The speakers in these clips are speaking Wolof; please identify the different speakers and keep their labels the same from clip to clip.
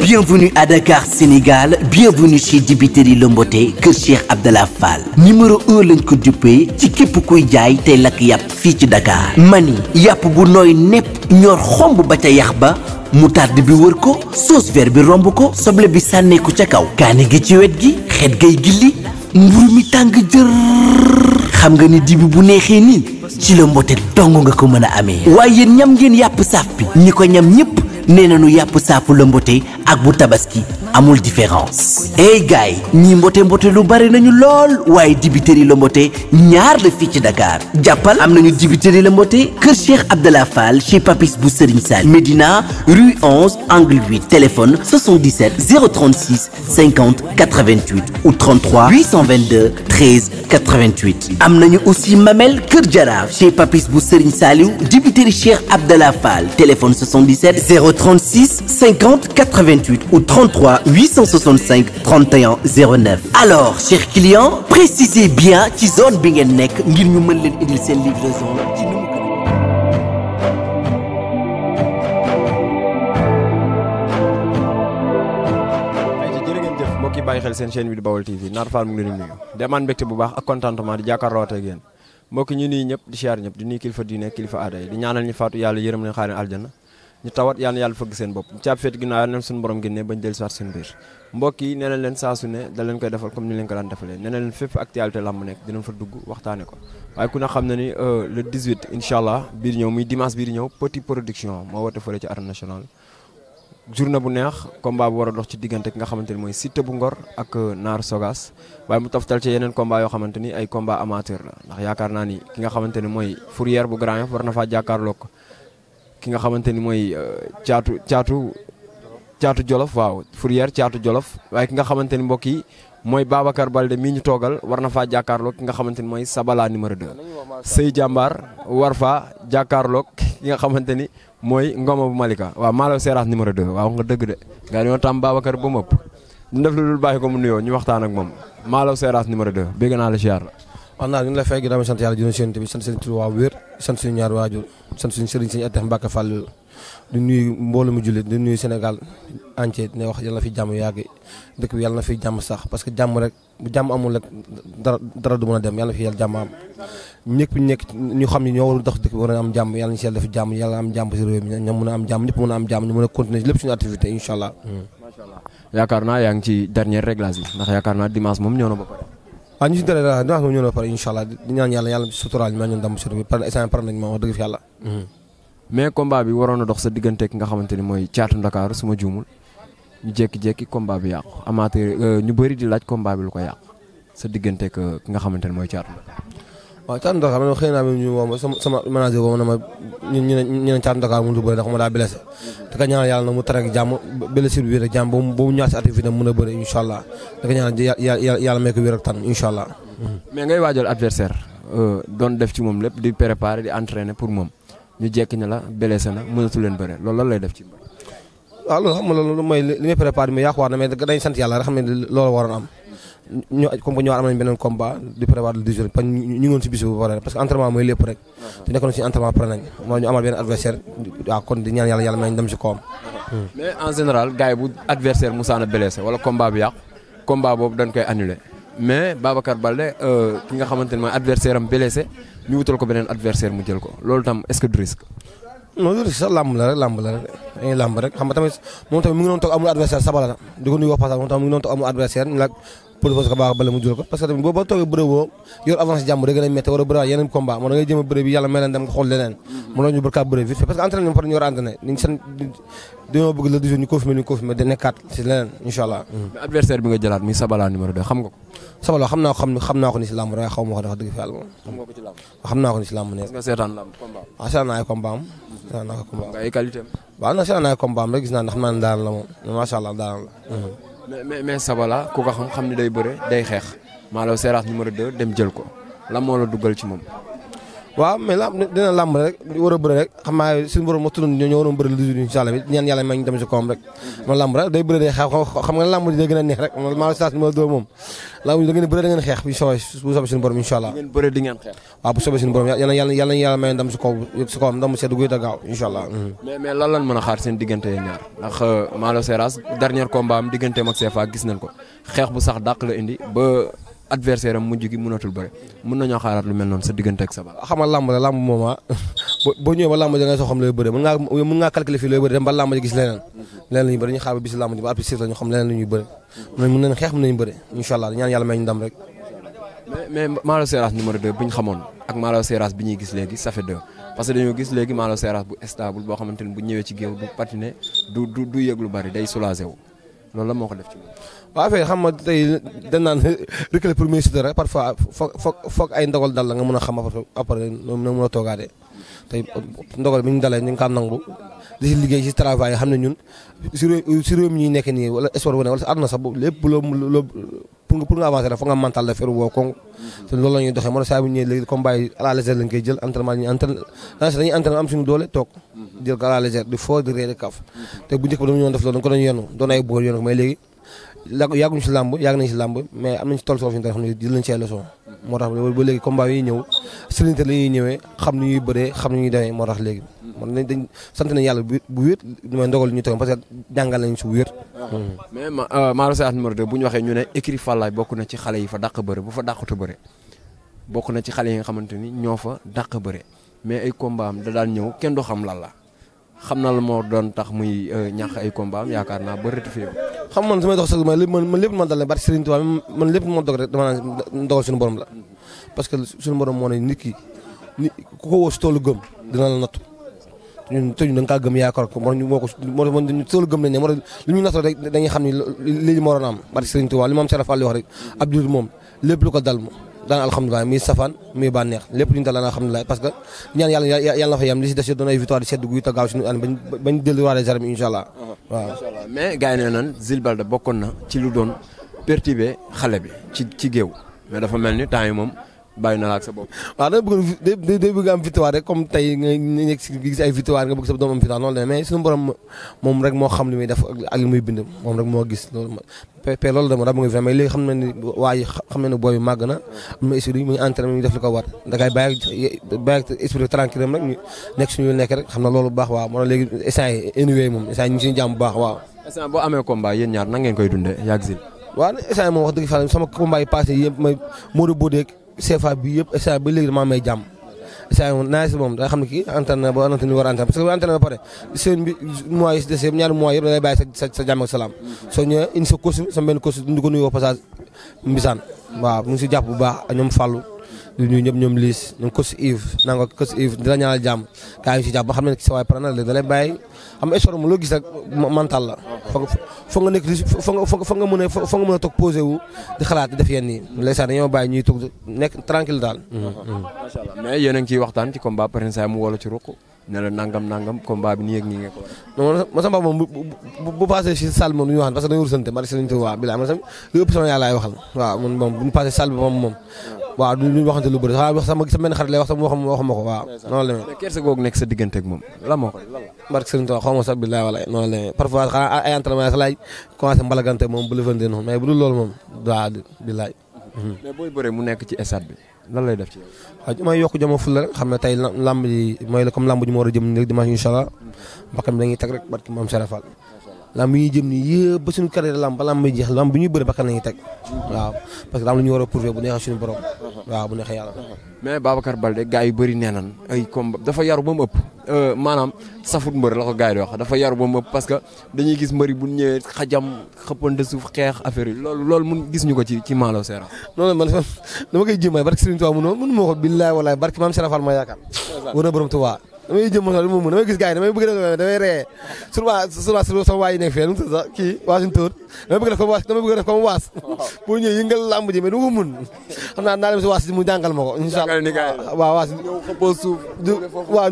Speaker 1: Bienvenue à Dakar Sénégal bienvenue chez Dibiteri Lomboté kër Cheikh Abdallah Fall numéro un lañ ko duppee ci képp kuy jaay tey lakk yàpp fii ci Dakar mani yàpp bu nooy nepp ñor xomb ba ca yax ba moutarde bi wër ko sauce vert bi romb ko soble bi sànnee ko ca kaw kaani gi ci wet gi xet gay gilli mburu mi tàng jër xam nga ni dibi bu neexee nii ci la mbote dong nga ko mën a amee waaye yéen ñam ngeen yàpp saaf bi ñi ko ñam ñëpp nee nañu yàpp saafu la mbote ak bu tabaski amul différence ey gaay ñi mbote mbote lu bari nañu lool waaye dibiteri la mbote ñaar la fii ci Dakar jàppal am nañu dibiteri la mbote kër Cheikh Abdallah Fall chez Papis bu Serigne Sall Médina rue 11 angle 8 téléphone 77 036 50 88 ou 33 822 13 88 am nañu aussi Mamel Kër Jaraaf chez Papis bu Serigne Saliou dibiteri Cheikh Abdallah Fall téléphone 77 0 036 50 88 ou 33 865 31 09 alors chers clients précisez bien ci zone bi ngeen nekk ngir ñu mën leen indil seen livraison
Speaker 2: ki bàyyi xel seen chaîne bi di Baol TV Naar Fall mu ngi leen di nuyu demaan mbégte bu baax ak contentement di jàkkaarloote ak yéen mbokk ñu nuyu ñëpp di siyaar ñëpp di nuyu kilifa diine kilifa aada yi di ñaanal ñu faatu yàlla yërëm leen xaareen aljana ñu tawat yàlla na yàlla fëgg seen bopp ñu caab féet ginnaaw yàlla na suñu borom génnee bañ dellu siwaat seen biir mbokk yi na leen saa su ne da leen koy defal comme ni leen ko daan defalee nee na leen fépp actualité làmb nekk dinañ fa dugg waxtaane ko waaye ku ne xam na ni euh, le 18 incha allah biir ñëw muy dimanche biir ñëw petit production moo woote fële ci arène nationale journée bu neex combat bu war dox ci diggante ki nga xamante ni mooy Siteu bu Ngor ak euh, Naar Sogas waaye mu toftal ci yeneen combat yoo xamante ni ay combat amateur la ndax yaakaar naa ni ki nga xamante ni mooy Fourrière bu Grand war na faa jàkkaarloo ko ki nga xamante ni mooy caatu caatu caatu jolof waaw Fourrière caatu jolof waaye ki nga xamante ni mbokk yi mooy Babacar Balde mii ñu toogal war na faa jàkkaarloog ki nga xamante ni mooy Sabala numéro 2. Sey jàmbaar war faa jàkkaarloog ki nga xamante ni mooy Ngoma bu Malika waa Malaw Seeraas numéro 2 waaw nga dëgg de. gaa ñoo tam Babacar ba mëpp ñu lu dul bàyyi ko mu nuyoo ñu waxtaan ak moom Malaw Seeraas numéro 2 bégg naa la ziar la.
Speaker 3: man naa ñu la fay gërëm sant yàlla jërëm seen bi sant seen Tuubaa wér sant suñu ñaar waajur sant suñu sëriñ sëñ Atex Mbàkke Fall di nuyu mboolu mu jullit di nuyu Sénégal entier ne wax yàlla na fi jàmm yàgg dëkk bi yàlla na fi jàmm sax parce que jàmm rek bu jàmm amul rek dara dara du mën a dem yàlla na fi yàlla jàmm am ñëpp ñekk ñu xam ne ñoo war a dox dëkk bi war a am jàmm yàlla ñu si yàlla def jàmm yàlla am jàmm si réew mi ñoom mën a am jàmm ñëpp mën a am jàmm ñu mën a continuer lépp suñu activité incha allah. Hmm. macha allah yaakaar naa yaa ngi ci dernier réglage bi ndax yaakaar naa dimanche moom ñëw na ba pare waaw ñu si dara daal di wax ñun a pare incha di ñaan yàlla yàlla suturaal ma ñun dam sut bi par instant par nañ yàlla hmm. mais combat
Speaker 2: bi waroon a dox sa diggante ki nga xamante ni mooy caatu Ndakaaru suma juumul ñu jékki-jékki combat yàq yàqu amateur euh, ñu bëri di laaj combat bi lu ko yàq sa diggante ki nga xamante ni mooy caatu Ndakaaru
Speaker 3: waaw caatu Ndakaar man xëy ma sama sama manager woo ma ne ma ñu ñu ne ñu ne caatu Ndakaar a bëri ndax ma daa na mu tànn ak jàmm blessure ba mu ba mu ñaar si activité am a te ka ñaanal yàlla yàlla may ko wér ngay waajal
Speaker 2: adversaire euh, doon def ci moom lépp di préparer di entraîner pour moom ñu jekk na la na mënatu bëre loolu lan lay def ci.
Speaker 3: waaw loolu xam nga loolu mooy li may préparé mais yàquwaat na dañ sant yàlla rek xam ne loolu waroon am ñu comme que ñu am nañ beneen combat di prévoir le 10 jours parce que ñu ngi woon si bis bu pare parce que entraînement mooy lépp rek. Uh-huh. te nekkoon si entraînement pare nañ moo ñu amal adversaire di ñaan yàlla yàlla may uh-huh.
Speaker 2: mais en général gars bu adversaire Musaana blessé wala combat bi yàq combat boobu dañ koy annulé mais Babacar Balde euh, ki nga xamante ne mooy adversaire am blessé ñu wutal ko beneen adversaire mu jël ko loolu tam est-ce que du risque.
Speaker 3: non loolu sax làmb la rek làmb la rek dañuy làmb rek xam nga tamit moom tamit mu ngi doon toog amul adversaire sabala la di ko nuyu wax passage moom tamit mu ngi doon pour ko baax bala mu jël ko parce que tamit boo boo toogee bërëb boo yor avance jàmm da gën a métti war a bëriwaat yeneen combat moo da ngay jëm bërëb bi yàlla may leen dem nga xool leneen mu mm-hmm. doon ñu bërkaat bërëb vite fait parce que entraînement fa ñu war a entraîné ñu ngi seen dañoo bëgg le toujours ñu confirmer ñu confirmer da nekkaat si leneen incha allah mm-hmm. adversaire bi nga jëlaat mi Sabala numéro 2 xam nga ko Sabala xam naa ko xam xam naa ko ni si làmb rek xaw ma ko dafa dëgg fi yàlla xam naa ko ni si làmb ne nga seetaan làmb combat waaw ah, seetaan naa ay combat am seetaan naa ko combat am waaw na seetaan naa ay combat am rek gis naa ndax xam naa ne daan la moom masha allah daan la mm-hmm.
Speaker 2: mais mais Sabala ku ko xam xam ni day bëre day xeex Malaw Seras numéro 2 dem jël ko lan moo la duggal ci moom.
Speaker 3: waaw mais la dina na rek war a bëri rek xam naa suñu borom moo tuddoon ñoo waroon bëri lu dul incha si koom rek ma làmb rek day a neex rek maa sas ma doo moom làmb ji da ngeen bëri xeex bu soobee bu soobee suñu borom incha allah ngeen bëri si kaw si kawam ndam sedd gaaw incha allah mhm.
Speaker 2: mais mais xaar seen diggante ñaar ndax euh, Malo Seras dernier combat am digganteem ak CFA gis nañ ko xeex bu sax dàq la indi adversaire am mujj gi mënatul bëre mën nañoo xaaraat lu mel noonu sa diggante ak sa bal
Speaker 3: xamal làmb la làmb moom ah boo ñëwee ba làmb da soo xam looy bëre mën ngaa mën ngaa calculer la ñuy bëre ñu xaar ba bis làmb ji ba at ñu ñaan yàlla may ñu ndam rek
Speaker 2: mais mais Malo Seras numéro 2 xamoon ak Malo Seras bi ñuy gis léegi ça fait deux parce gis léegi Malo Seras bu stable boo xamante ne bu ñëwee ci géew du patiner du du du yëg lu bari day soulager wu loolu la moo ko def ci moom.
Speaker 3: waaw affaire xam nga tey dañ naan reculer pour ministre dara parfois foog foog foog ay ndogal dal la nga mën a xam après na mën a toogaatee tey ndogal bi ñu dalee ñu ngi ko nangu di si liggéey si travail xam ne ñun si réew si réew mi ñu nekk nii wala espoir wu ne wala si àdduna sax lépp loo loo. pour pour nga avancer la nga mental la feru woo kon te loolu la ñuy doxee man saa bu ñëwee léegi combat yi à la légère jël entraînement ñu ah, am suñu doole toog mm-hmm. jël kaf mm-hmm. te bu njëkk ba dama ñëwoon def yenu doon ay boor yenu ko mais léegi yàgguñu si làmb yàgg nañ si làmb mais am nañ si toll soo suñu xam moo tax ba léegi combat yi ñëw sëlinte la ñuy ñëwee xam ni ñuy bëree xam ni ñuy demee moo tax léegi man dañ dañ sant nañu yàlla bu wér li may ndogal ñu toog parce que jàngal hmm. mais ma euh,
Speaker 2: Mara bu ñu waxee ñu ne écurie Fallaye bokk na ci xale yi fa dàq bëre bu fa dàqatu bokk na ci xale yi nga xamante ni ñoo fa dàq bëre mais ay combat da daan ñëw kenn du xam lan la
Speaker 3: xam na moo doon tax muy euh, ñàkk ay combat yaakaar naa ba xam man su may man lépp lépp man dal barke Serigne Touba man lépp moo dog rek la parce que suñu borom moo ne nit ki ku ko woo toolu gëm dina ñun tëju da nga kaa gëm yaakaar ko moo moo ko gëm nañ ne moo li ñu nasoo rek dañuy xam ne lii moo doon am barke Sëriñ Tuubaa li moom Serap Fall wax rek Abdou moom lépp lu ko dal moom daan alhamdulilah muy safaan muy bànneex lépp luñu dal daan alhamdulilah parce que ñaan yàlla na fa yem li si des doon ay victoire di sedd guy te gaaw si ñu bañ bañ delluwaat les armes allah uh-huh. waaw
Speaker 2: mais gars yi ne nan Zil bokkoon na ci lu doon perturbé xale bàyyi na la ak
Speaker 3: sa la mais suñu borom moom rek moo xam li loolu baax waaw moo tax léegi instant yi anyway moom instant yi ñu ngi suñu bu baax waaw.
Speaker 2: instant boo amee combat yéen ñaar nan koy dundee yaa ngi
Speaker 3: waaw instant yi moom wax dëgg fa sama yi passé yëpp may CFA bi yëpp SA ba léegi damaa may jàmm. saa naa si moom da xam kii antenne ba antenne a ba pare seen bi mois des yëpp ñaari mois yëpp da lay sa sa salaam. soo ñëwee indi sa costume sa benn costume di ko nuyoo passage Mbisaan. waaw mu si jàpp bu baax ak ñoom Fallou di ñoom Liis ñoom costume Yves naan ko costume di la ñaanal jàmm gaa yi si jàpp ba xam ne sa waay pare na da lay bàyyi. am sport moom loo gis rek la fa nga nekk fa nga fa nga mën a fa nga mën a toog posé wu di xalaat di def yenn yi ndeysaan dañoo bàyyi ñuy nekk tranquille daal. Mm-hmm. macha allah
Speaker 2: mais yéen a ngi ciy waxtaan ci combat par exemple mu wóolu ci ruq. ne la nangam nangam combat bi
Speaker 3: nii ak nii nga ko war ma sama moom bu bu bu paasee si salle moom du ñu waxal parce que dañoo rusante ma ne si lañ tudd waaw bilaay man sama lu ëpp sama yàlla laay waxal waaw man moom bu ñu paasee salle bi moom moom. waaw du ñu waxante lu bëri waaw wax sama sama benn xarit lay wax sama waxam waxuma ko waaw. noonu la mais kersa googu nekk sa diggante ak moom la moo ko. barke Sëriñ Tuubaa xaw ma sax bilaay wala noonu la mais parfois xanaa ay entraînement sax laay commencé mbalagante moom bu lëfante noonu mais bu dul loolu moom waaw bilaay. Mm-hmm. mais booy bëree mu nekk ci stade bi lan lay def ci may yokk joma fulla rek xam ne tey lamb ji mooy la comme lamb ji ma war a jëm nii rek dimanche incha allah bakkan bi dañuy teg rek barki maam Serafal. ba suñu carrière ba lamb yi jeex lamb bu ñuy bëri bakkan nañu teg. waaw parce que lamb lu ñu war a prouver bu neexee suñu borom. waaw bu neexee yàlla.
Speaker 2: mais Babacar Balde gars yu bëri nee nañ ay dafa yaru
Speaker 3: ba mu ëpp. Euh, maanaam safut
Speaker 2: mbër la ko gars yi di wax dafa yar ba mëpp parce dañuy gis mbëri bu ñëwee xajam xëppante suuf xeex
Speaker 3: affaire yi loolu loolu mun gis ñu ko ci ci Malo Serap. non man dama koy jéem a barke Serigne Touba mënoo mënuma ko billaay walaay barke maam Serap Fall ma yaakaar. wër na borom Touba damay jëm mosal li mu mën damay gis gars yi damay bëgg def damay ree surtout surtout sama waa yi nekk fii nu mu tudd sax kii waasin tóor damay bëgg def comme waas damay bëgg def comme waas pour ñëw yëngal làmb ji mais du ko mën xam naa naa dem si waas mu jàngal ma ko incha allah waaw waas xëppoo suuf waaw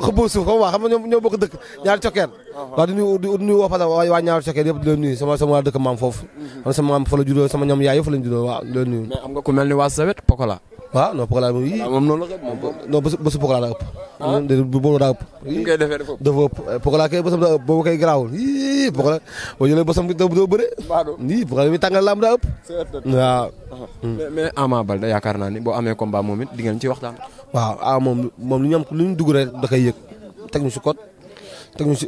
Speaker 3: xëppoo suuf comme waa xam nga ñoo bokk dëkk ñaari cokkeer uh-huh. waaw di nuyu di nuyu waa Fatick waa ñaari cokkeer yëpp di leen nuyu sama sama waa dëkk maam foofu xam mm-hmm. sama maam fa la juddoo sama ñoom yaay yëpp fa la juddoo waaw di leen nuyu mais am nga ku mel ni waas sa wet pokola waaw non Pokola moom yii moom noonu la kat moom. non bés bésu Pokola daa ëpp. ah boobu daa ëpp. ni mu koy defee dafa ëpp dafa eh, ëpp Pokola kay boobu kay garaawul yii Pokola boo jëlee bésam da bëre. yii Pokola bi tàngal laam daa ëpp. Ah. Ama Balde yaakaar naa ni boo amee combat moom it di ngeen ci waxtaan. waaw ah moom moom li ñu am lu ñu dugg rek da koy yëg teg ñu si code teg ñu si.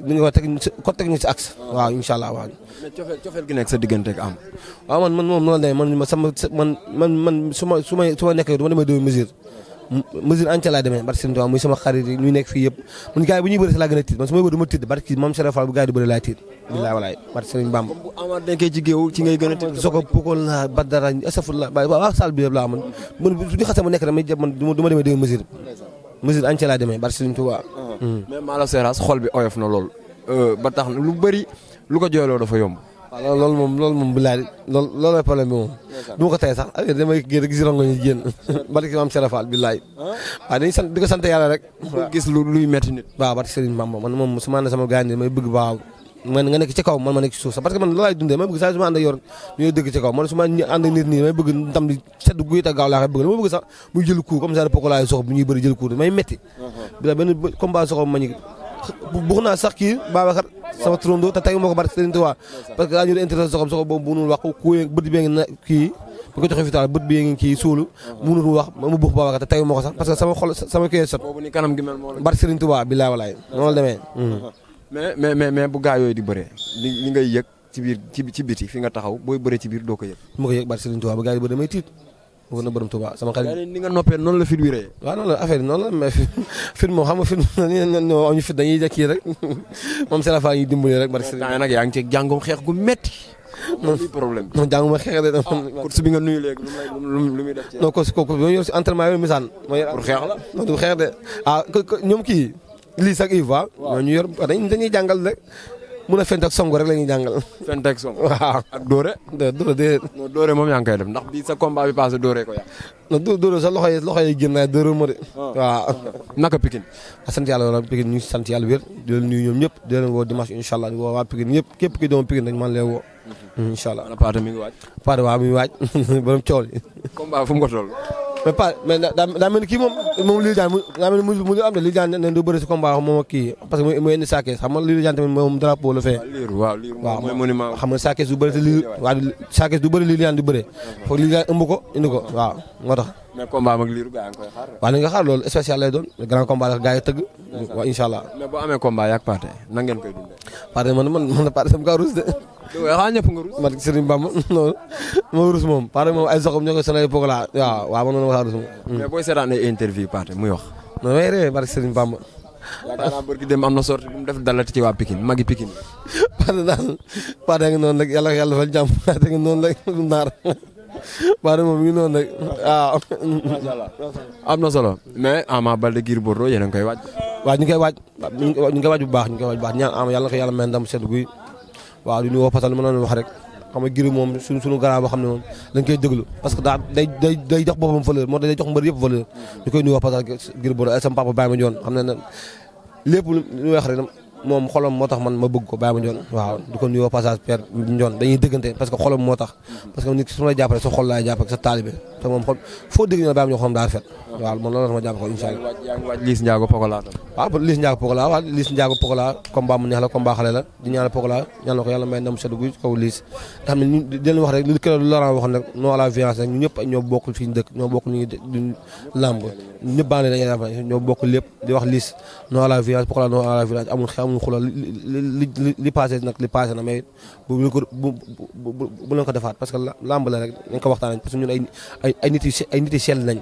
Speaker 3: li ñu a teg ko teg ñu si axe. waaw incha waaw. man man moom noonu man man sama man man ma su ma su ma nekkee du ma demee deux sama xarit yi nekk fii yëpp man gars bu ñuy bëri si laa gën a man su ma bëri du ma tiit barke Mame Cheikh Fall bu gars di bëri laa tiit. billaay walaay barke Sëriñ Bamba. bu amaat nekkee ci a ma nekk rek man du mesure entière laa demee barke Sëriñ Tuubaa. Uh-huh. Uh-huh. mais Malo Seras na lool. Euh, ba tax na lu bëri lu ko jooyloo dafa yomb. waaw loolu moom loolu moom bilaay lool loolu la problème bi ko tey sax affaire damay gis gis rongo ñu génn barke maam Serap Fall bilaay. waaw dañuy sant di sant yàlla rek. gis lu luy metti nit. waaw barke Sëriñ moom su ma ne sama gaan may bëgg baaw. man nga nekk ci kaw man ma nekk ci suuf sax parce que man lalaay dundee may bëgg saa su ma ànd ak yor ci kaw man su ma ànd ak nit nii may bëgg di sedd guy ta gaaw laa bëgg dama bëgg sax muy jël coup comme ça pokolaay sox bu ñuy bëri jël coup may metti uh-huh. bi la naa sax kii Babacar sama uh-huh. sama xol sama kii sot barke Serigne Touba bi laa walaay noonu demee
Speaker 2: uh-huh. mm. mais mais mais mais bu gaa yooyu di bëree li li ngay yëg ci biir ci ci biti fi nga
Speaker 3: taxaw booy bëree ci biir doo ko yëg. bu ma ko yëg barke Serigne Touba ba gaa yi di bëree damay tiit wër na nga noppee noonu la fit wi ree. noonu la affaire yi noonu la mais fit moom xam nga fit ñu fit rek moom Serap Fall nag yaa ngi ci jàngum xeex gu metti non problème bi non jànguma xeex de. ah course bi nga nuyu léegi lu muy lu muy def ci. non course kooku bi ma yor si entraînement yooyu misaan. ma yor pour xeex la non du xeex de ah ñoom kii lii sax Ivoire. waaw ñooñu yor dañuy jàngal rek mun a fent ak rek la ñuy jàngal. fent ak song waaw ak moom yaa dem koy def ndax bii sa combat bi passé doore ko yàq. non Dóore sa loxo yi loxo yi génn naa Dóore moo de. Ah. waaw naka Pikine. Ah, sant yàlla wala Pikine ñu ngi sant yàlla wér di leen nuyu ñoom ñëpp woo dimanche incha allah di woo waa Pikine ñëpp képp ki doon Pikine dañu mën leen woo. Mhm. incha allah mi ngi waaj. Paate waaw mi ngi waaj borom coow li. combat fu mu ko mais pas mais daa mel ni moom moom Lirou Diane daa mu mu am de Lirou Diane ne du bëri si moom ak kii parce que mooy indi Sakess xam nga Lirou Diane tamit moom drapeau la fee. waaw mooy monument xam nga Sakess du bëri te Lirou waaw du bëri Lirou Diane du bëri foog Lirou Diane ëmb ko indi waaw moo tax. mais combat am loolu spécial doon grand combat la gaa tëgg. waaw incha allah mais boo amee combat yaa ngi de xanaa ñëpp nga rus. man Serigne Bamba non moo rus moom Pathé moom ay soxam ñoo koy sonal poog laa waaw waaw man noonu waxaa rus moom. mais
Speaker 2: booy seetaan ay interview Pathé muy wax.
Speaker 3: non mais réer barke Serigne Bamba.
Speaker 2: yaakaar naa bërki dem am na sorti bu mu def dalati ci waa Pikine magi Pikine.
Speaker 3: Pathé daal Pathé ngi noonu rek yàlla yàlla defal jàmm Pathé ngi noonu rek naar Pathé moom mi ngi noonu rek waaw. macha allah am na solo mais Ama Baldé Gris Bordeaux yéen a ngi koy waaj. waaw ñu ngi koy waaj ñu ngi koy waaj bu baax ñu ngi koy waaj bu baax ñaan Ama yàlla na ko yàlla may ndam sedd guy waaw du ñu woo Fatal ma doon wax rek xam giri moom suñ suñu garaa boo xam ne moom dañ koy déglu parce que daa day day day jox boppam valeur moo tax day jox mbër yëpp valeur ñu koy nuyoo Fatal giri boobu eh, sama papa ma joon xam ne lépp lu ñu wax rek moom xolam moo tax man ma bëgg ko Baye Mandione waaw di ko nuyoo passage Père Ndione dañuy dëggante parce que xolam moo tax parce que nit su ma la jàppale sa xol laay jàpp ak sa taalibe te moom xol foo dégg ñu Baye Mandione xolam daa rafet waaw man loolu la mu neex la combat kaw Liss nga wax rek li kër Laurent la wax Liss non à la violence Pokola non à la violence amul xulal li li nag li passé na mais bu bu ko defaat parce que làmb la rek dañ ko waxtaanee parce que ñun ay ay ay nit yu ay sell lañ.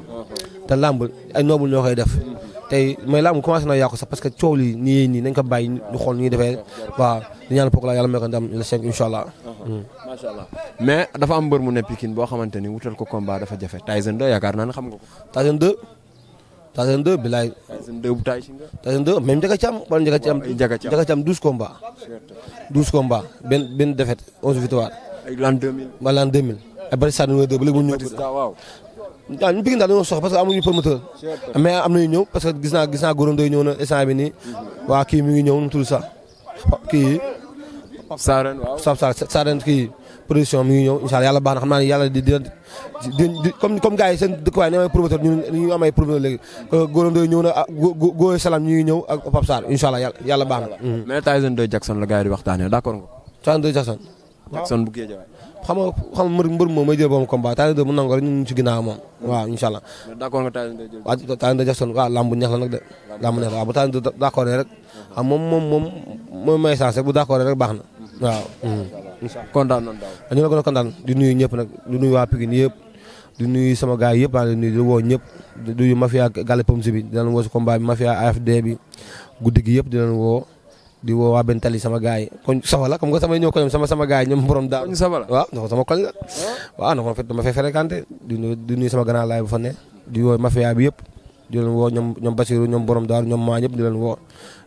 Speaker 3: te làmb ay noobul ñoo koy def. tey mais làmb commencé na yàqu sax parce que coow li nii nii nañ ko bàyyi ñu xool ñu defee waaw di ñaan Pokola yàlla may ko ndam le uh-huh. allah.
Speaker 2: mais dafa am mbër mu ne Pikine boo xamante ni wutal ko combat dafa jafe Tyson 2 yaakaar naa ne xam nga ko. Tyson
Speaker 3: 2. Tyson 2 bilaay. Tyson 2 bu Tyson nga. Tyson 2 même Ndiaga Thiam wala Ndiaga Thiam. Ndiaga Thiam Ndiaga Thiam 12 benn benn défaite 11 victoire. ay l'an 2000. ba l'an 2000. ay Batista Sane numéro 2 ba léegi mu ñëw. Batista waaw. waaw ñu Pikine daal dañoo sox parce que amuñu promoteur. mais am nañu ñëw parce que gis naa gis naa góorandoo ñëw na bi nii. waa kii mi ngi ñëw nu mu tudd sax. kii. Sarène waaw kii. production mi ngi ñëw incha allah yàlla baax na xam naa ne yàlla di di di comme comme gars yi seen dëkkuwaay ni amay promoteur ñu ñu amay promoteur léegi euh, góoram
Speaker 2: ah, Jackson la gars
Speaker 3: bu moom may jël boobu combat Tyson 2 mu nangu rek ñu ngi ci ginnaaw moom waaw incha allah. d'accord Jackson waaw lamb bu neex la nag de. lamb bu neex ah, moom moom moom mooy may waaw mm. kontaan nañ daal ñu la gën a di nuyu ñëpp nag di nuyu waa Pikine yëpp di nuyu sama gars yëpp maa ngi nuyu di woo ñëpp di nuyu mafia Galle Pommes di leen woo si bi mafia AFD bi guddi gi yëpp di leen woo di woo waa Bentali sama gars yi koñ Safala comme que sama ñëw ko ñoom sama sama gars yi ñoom borom daal. koñ Safala waaw non sama koñ la. waaw non en fait dama fay di nuyu di nuyu sama grand laay di woo mafia bi yëpp di leen woo ñoom ñoom ñoom borom daal ñoom maa ñëpp di leen woo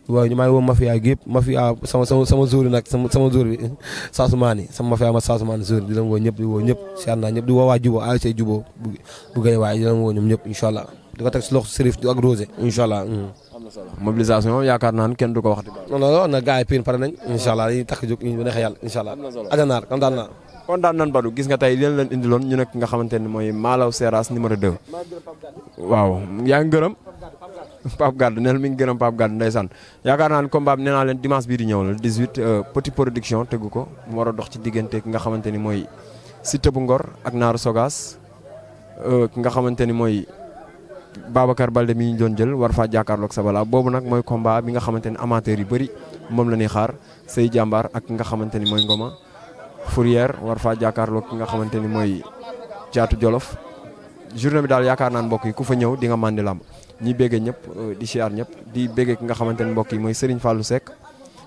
Speaker 3: waaw ñu maa ngi woo mafia gi yëpp mafia sama sama sama jour nag sama sama jour bi Saasumaani sama mafia ma Saasumaani jour di leen woo ñëpp di woo ñëpp si ànd naa ñëpp di woo waa Jubo ASC Jubo bu gay waaye di leen woo ñoom ñëpp incha allah di ko teg si loxo Serif ak Rosé incha allah. Hmm. am na solo mobilisation yaakaar naa ne kenn du ko wax. non non non gars yi pire pare nañ. incha allah dañuy takk jóg ñu neex yàlla incha allah. am na solo adanaar kontaan naa. kontaan
Speaker 2: nan Badou gis nga tey leen leen indiloon ñu nekk nga xamante ne mooy Malaw Seras numéro 2. waaw yaa ngi gërëm Pape Gade neel mi ngi gërëm yaakaar naa ne combat bi nee naa leen dimanche bii di ñëw la 18 euh, petit production tegu ko mu war a dox ci diggante ki nga xamante ni mooy Siteu bu Ngor ak Naaru Sogas euh, ki nga xamante ni mooy Babacar Balde mi ñu doon jël war faa jàkkaarloog Sabala boobu nag mooy kombaa bi nga xamante ni amateur yu bëri moom la ñuy xaar say jàmbaar ak nga xamante ni mooy Ngoma Fourière war faa jàkkaarloog ki nga xamante ni mooy Caatu Jolof journée bi daal yaakaar naan mbokk yi ku fa ñëw di nga màndi làmb ñi béggee ñëpp euh, di siyaar ñëpp di béggee ki nga xamante ne mbokk yi mooy Serigne Fallou Seck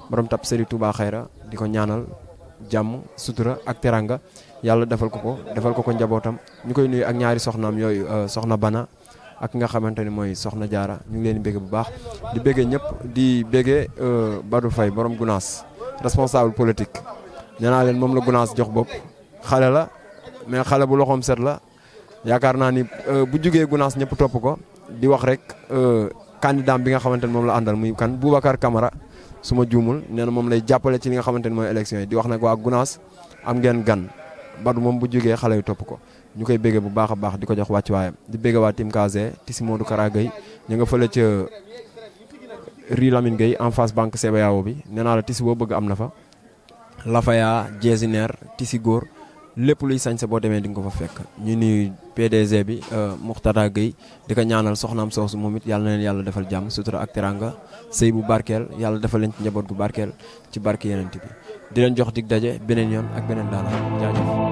Speaker 2: borom tab Serigne Touba Xayra di ko ñaanal jàmm sutura ak teranga yàlla defal ko ko defal ko ko njabootam ñu koy nuyu ak ñaari soxnaam yooyu euh, soxna Bana ak nga xamante ne mooy soxna Jaara ñu ngi leen di bégge bu baax di béggee ñëpp di béggee euh, Badou fay boroom Gunaas responsable politique nee naa leen moom la Gunaas jox bopp yaakaar naa ni euh, bu jugee Gunaas ñëpp topp ko di wax rek euh, candidat bi nga xamante ne moom la àndal muy kan Boubacar Camara su ma juumul nee moom lay jàppale ci li nga xamante ne mooy élection yi di wax nag waa Gunaas am ngeen gan Badou moom bu jugee xale yu topp ko ñu koy béggee bu baax a baax di ko jox wàcc waayam di bégge waa Tim ti Tissi Modou Karagay ñu nga fële ca Rue Lamine Gueye en face banque CBAO bi nee naa la si boo bëgg am na fa Lafaya Jesiner Tissi Góor. lépp luy sañse boo demee di nga ko fa fekk ñu nuyu PDG bi euh, Mourtada Gueye di ko ñaanal soxnaam su moom it yàlla na leen yàlla defal jàmm sutura ak teranga sëy bu barkeel yàlla defal leen ci njaboot bu barkeel ci barke yeneen bi di leen jox dig daje beneen yoon ak beneen daala jaajëf